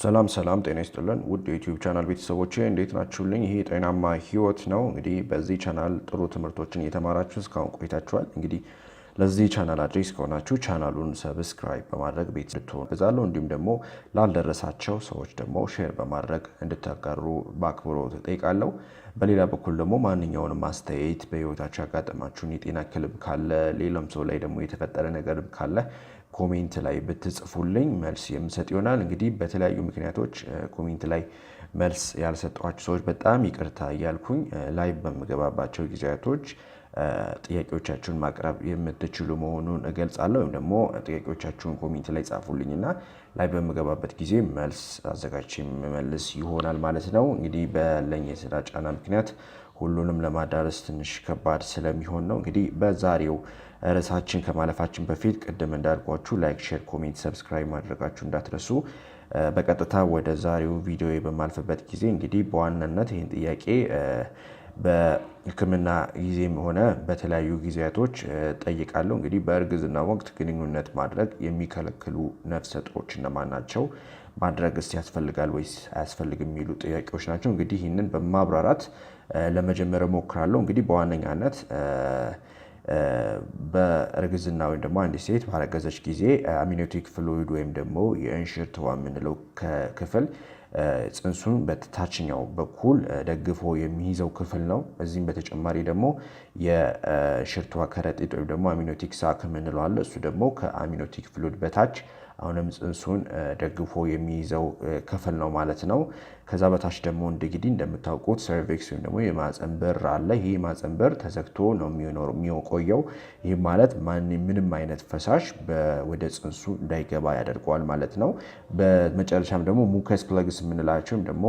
ሰላም ሰላም፣ ጤና ይስጥልን ውድ የዩቲዩብ ቻናል ቤተሰቦቼ እንዴት ናችሁልኝ? ይህ ጤናማ ህይወት ነው። እንግዲህ በዚህ ቻናል ጥሩ ትምህርቶችን እየተማራችሁ እስካሁን ቆይታችኋል። እንግዲህ ለዚህ ቻናል አድሬስ ከሆናችሁ ቻናሉን ሰብስክራይብ በማድረግ ቤት ልትሆኑ ብዛለሁ። እንዲሁም ደግሞ ላልደረሳቸው ሰዎች ደግሞ ሼር በማድረግ እንድታጋሩ በአክብሮት እጠይቃለሁ። በሌላ በኩል ደግሞ ማንኛውንም አስተያየት በህይወታችሁ ያጋጠማችሁን የጤና ክልብ ካለ ሌላም ሰው ላይ ደግሞ የተፈጠረ ነገር ካለ ኮሜንት ላይ ብትጽፉልኝ መልስ የምሰጥ ይሆናል። እንግዲህ በተለያዩ ምክንያቶች ኮሜንት ላይ መልስ ያልሰጠኋቸው ሰዎች በጣም ይቅርታ እያልኩኝ ላይ በምገባባቸው ጊዜያቶች ጥያቄዎቻችሁን ማቅረብ የምትችሉ መሆኑን እገልጻለሁ። ወይም ደግሞ ጥያቄዎቻችሁን ኮሜንት ላይ ጻፉልኝና ላይ በምገባበት ጊዜ መልስ አዘጋጅ የምመልስ ይሆናል ማለት ነው። እንግዲህ በለኝ የስራ ጫና ምክንያት ሁሉንም ለማዳረስ ትንሽ ከባድ ስለሚሆን ነው። እንግዲህ በዛሬው ርዕሳችን ከማለፋችን በፊት ቅድም እንዳልኳችሁ ላይክ፣ ሼር፣ ኮሜንት፣ ሰብስክራይብ ማድረጋችሁ እንዳትረሱ። በቀጥታ ወደ ዛሬው ቪዲዮ በማልፍበት ጊዜ እንግዲህ በዋናነት ይህን ጥያቄ በሕክምና ጊዜም ሆነ በተለያዩ ጊዜያቶች ጠይቃለሁ። እንግዲህ በእርግዝና ወቅት ግንኙነት ማድረግ የሚከለክሉ ነፍሰ ጡሮች እነማን ናቸው? ማድረግስ ያስፈልጋል ወይስ አያስፈልግም የሚሉ ጥያቄዎች ናቸው። እንግዲህ ይህንን በማብራራት ለመጀመር እሞክራለሁ። እንግዲህ በዋነኛነት በእርግዝና ወይም ደግሞ አንዲት ሴት ባረገዘች ጊዜ አሚኒቲክ ፍሉይድ ወይም ደግሞ የእንሽርትዋ የምንለው ክፍል ጽንሱን በታችኛው በኩል ደግፎ የሚይዘው ክፍል ነው። እዚህም በተጨማሪ ደግሞ የእንሽርትዋ ከረጢት ወይም ደግሞ አሚኒዮቲክ ሳክ የምንለው አለ። እሱ ደግሞ ከአሚኒዮቲክ ፍሉድ በታች አሁንም ጽንሱን ደግፎ የሚይዘው ክፍል ነው ማለት ነው። ከዛ በታች ደግሞ እንግዲህ እንደምታውቁት ሰርቬክስ ወይም ደግሞ የማፀን በር አለ። ይህ የማፀን በር ተዘግቶ ነው የሚቆየው። ይህ ማለት ምንም አይነት ፈሳሽ ወደ ጽንሱ እንዳይገባ ያደርገዋል ማለት ነው። በመጨረሻም ደግሞ ሙከስ ፕለግስ የምንላቸው ደግሞ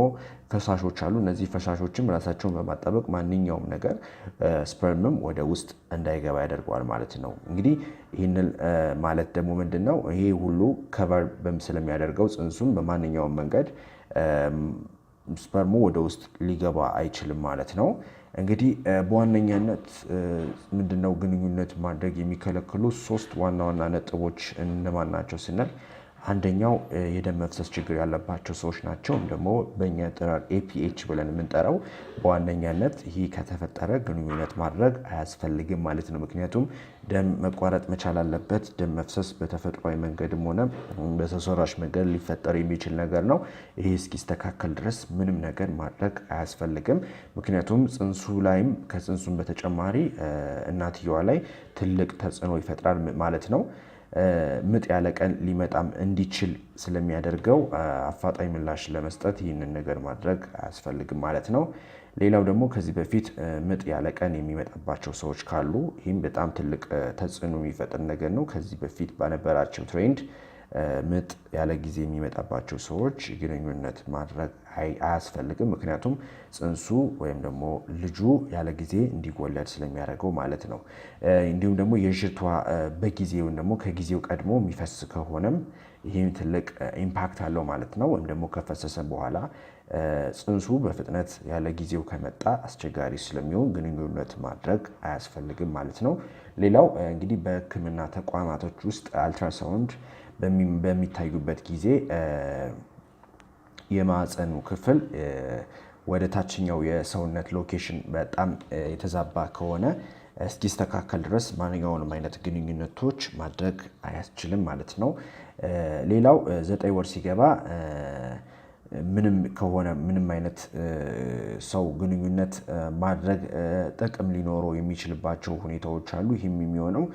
ፈሳሾች አሉ። እነዚህ ፈሳሾችም ራሳቸውን በማጣበቅ ማንኛውም ነገር ስፐርምም ወደ ውስጥ እንዳይገባ ያደርገዋል ማለት ነው። እንግዲህ ይህንን ማለት ደግሞ ምንድን ነው? ይሄ ሁሉ ከቨር የሚያደርገው ጽንሱም በማንኛውም መንገድ ስፐርሙ ወደ ውስጥ ሊገባ አይችልም ማለት ነው። እንግዲህ በዋነኛነት ምንድነው ግንኙነት ማድረግ የሚከለክሉ ሶስት ዋና ዋና ነጥቦች እነማን ናቸው ስንል አንደኛው የደም መፍሰስ ችግር ያለባቸው ሰዎች ናቸው። ወይም ደግሞ በእኛ ጥራር ኤፒኤች ብለን የምንጠራው በዋነኛነት ይህ ከተፈጠረ ግንኙነት ማድረግ አያስፈልግም ማለት ነው። ምክንያቱም ደም መቋረጥ መቻል አለበት። ደም መፍሰስ በተፈጥሯዊ መንገድም ሆነ በሰው ሰራሽ መንገድ ሊፈጠር የሚችል ነገር ነው። ይሄ እስኪስተካከል ድረስ ምንም ነገር ማድረግ አያስፈልግም። ምክንያቱም ጽንሱ ላይም ከጽንሱም በተጨማሪ እናትየዋ ላይ ትልቅ ተጽዕኖ ይፈጥራል ማለት ነው። ምጥ ያለ ቀን ሊመጣም እንዲችል ስለሚያደርገው አፋጣኝ ምላሽ ለመስጠት ይህንን ነገር ማድረግ አያስፈልግም ማለት ነው። ሌላው ደግሞ ከዚህ በፊት ምጥ ያለ ቀን የሚመጣባቸው ሰዎች ካሉ ይህም በጣም ትልቅ ተጽዕኖ የሚፈጥር ነገር ነው። ከዚህ በፊት በነበራቸው ትሬንድ ምጥ ያለ ጊዜ የሚመጣባቸው ሰዎች ግንኙነት ማድረግ አያስፈልግም። ምክንያቱም ጽንሱ ወይም ደግሞ ልጁ ያለ ጊዜ እንዲወለድ ስለሚያደርገው ማለት ነው። እንዲሁም ደግሞ የሽቷ በጊዜ ወይም ደግሞ ከጊዜው ቀድሞ የሚፈስ ከሆነም ይህም ትልቅ ኢምፓክት አለው ማለት ነው። ወይም ደግሞ ከፈሰሰ በኋላ ጽንሱ በፍጥነት ያለ ጊዜው ከመጣ አስቸጋሪ ስለሚሆን ግንኙነት ማድረግ አያስፈልግም ማለት ነው። ሌላው እንግዲህ በሕክምና ተቋማቶች ውስጥ አልትራሳውንድ በሚታዩበት ጊዜ የማዕፀኑ ክፍል ወደ ታችኛው የሰውነት ሎኬሽን በጣም የተዛባ ከሆነ እስኪስተካከል ድረስ ማንኛውንም አይነት ግንኙነቶች ማድረግ አያስችልም ማለት ነው። ሌላው ዘጠኝ ወር ሲገባ ምንም ከሆነ ምንም አይነት ሰው ግንኙነት ማድረግ ጥቅም ሊኖረው የሚችልባቸው ሁኔታዎች አሉ። ይህም የሚሆነው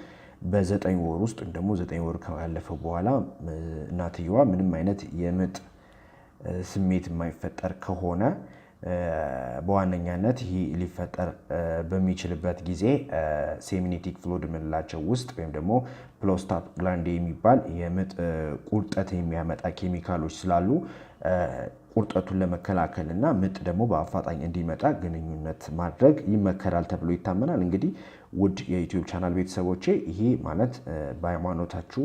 በዘጠኝ ወር ውስጥ ወይም ደግሞ ዘጠኝ ወር ካለፈ በኋላ እናትየዋ ምንም አይነት የምጥ ስሜት የማይፈጠር ከሆነ በዋነኛነት ይህ ሊፈጠር በሚችልበት ጊዜ ሴሚኔቲክ ፍሉድ የምንላቸው ውስጥ ወይም ደግሞ ፕሎስታት ግላንድ የሚባል የምጥ ቁርጠት የሚያመጣ ኬሚካሎች ስላሉ ቁርጠቱን ለመከላከል እና ምጥ ደግሞ በአፋጣኝ እንዲመጣ ግንኙነት ማድረግ ይመከራል ተብሎ ይታመናል። እንግዲህ ውድ የዩቲዩብ ቻናል ቤተሰቦቼ ይሄ ማለት በሃይማኖታችሁ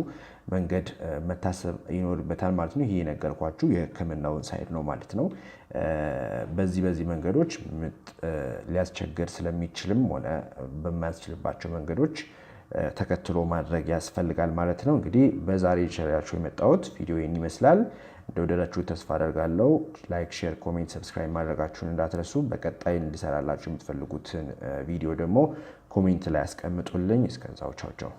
መንገድ መታሰብ ይኖርበታል ማለት ነው። ይሄ የነገርኳችሁ የሕክምናውን ሳይድ ነው ማለት ነው። በዚህ በዚህ መንገዶች ምጥ ሊያስቸግር ስለሚችልም ሆነ በማያስችልባቸው መንገዶች ተከትሎ ማድረግ ያስፈልጋል ማለት ነው። እንግዲህ በዛሬ ይዤላችሁ የመጣሁት ቪዲዮ ይህን ይመስላል። እንደወደዳችሁ ተስፋ አደርጋለሁ። ላይክ፣ ሼር፣ ኮሜንት፣ ሰብስክራይብ ማድረጋችሁን እንዳትረሱ። በቀጣይ እንዲሰራላችሁ የምትፈልጉትን ቪዲዮ ደግሞ ኮሜንት ላይ ያስቀምጡልኝ። እስከዛው ቻው ቻው።